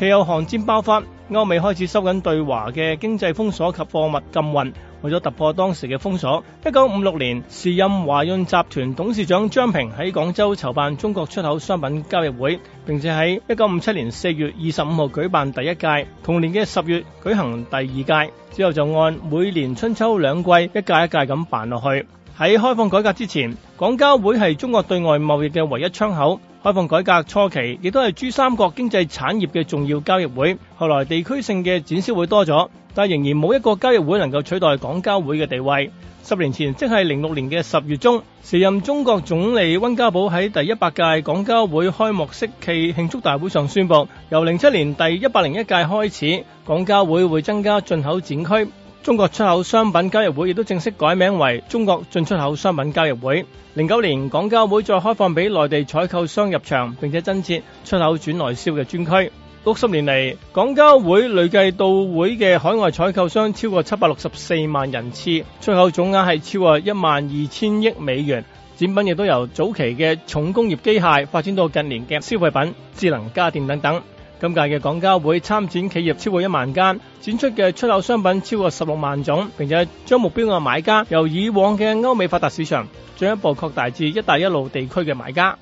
其有韓戰爆發，歐美開始收緊對華嘅經濟封鎖及貨物禁運。為咗突破當時嘅封鎖，一九五六年，時任華潤集團董事長張平喺廣州籌辦中國出口商品交易會，並且喺一九五七年四月二十五號舉辦第一屆，同年嘅十月舉行第二屆，之後就按每年春秋兩季一屆一屆咁辦落去。喺開放改革之前，廣交會係中國對外貿易嘅唯一窗口。開放改革初期，亦都係珠三角經濟產業嘅重要交易會。後來地區性嘅展銷會多咗，但仍然冇一個交易會能夠取代廣交會嘅地位。十年前，即係零六年嘅十月中，時任中國總理温家寶喺第一百屆廣交會開幕式暨慶祝大會上宣佈，由零七年第一百零一屆開始，廣交會會增加進口展區。中國出口商品交易會亦都正式改名為中國進出口商品交易會。零九年，廣交會再開放俾內地採購商入場，並且增設出口轉內銷嘅專區。六十年嚟，廣交會累計到會嘅海外採購商超過七百六十四萬人次，出口總額係超過一萬二千億美元。展品亦都由早期嘅重工業機械發展到近年嘅消費品、智能家電等等。今屆嘅廣交會參展企業超過一萬間，展出嘅出口商品超過十六萬種，並且將目標嘅買家由以往嘅歐美發達市場，進一步擴大至一帶一路地區嘅買家。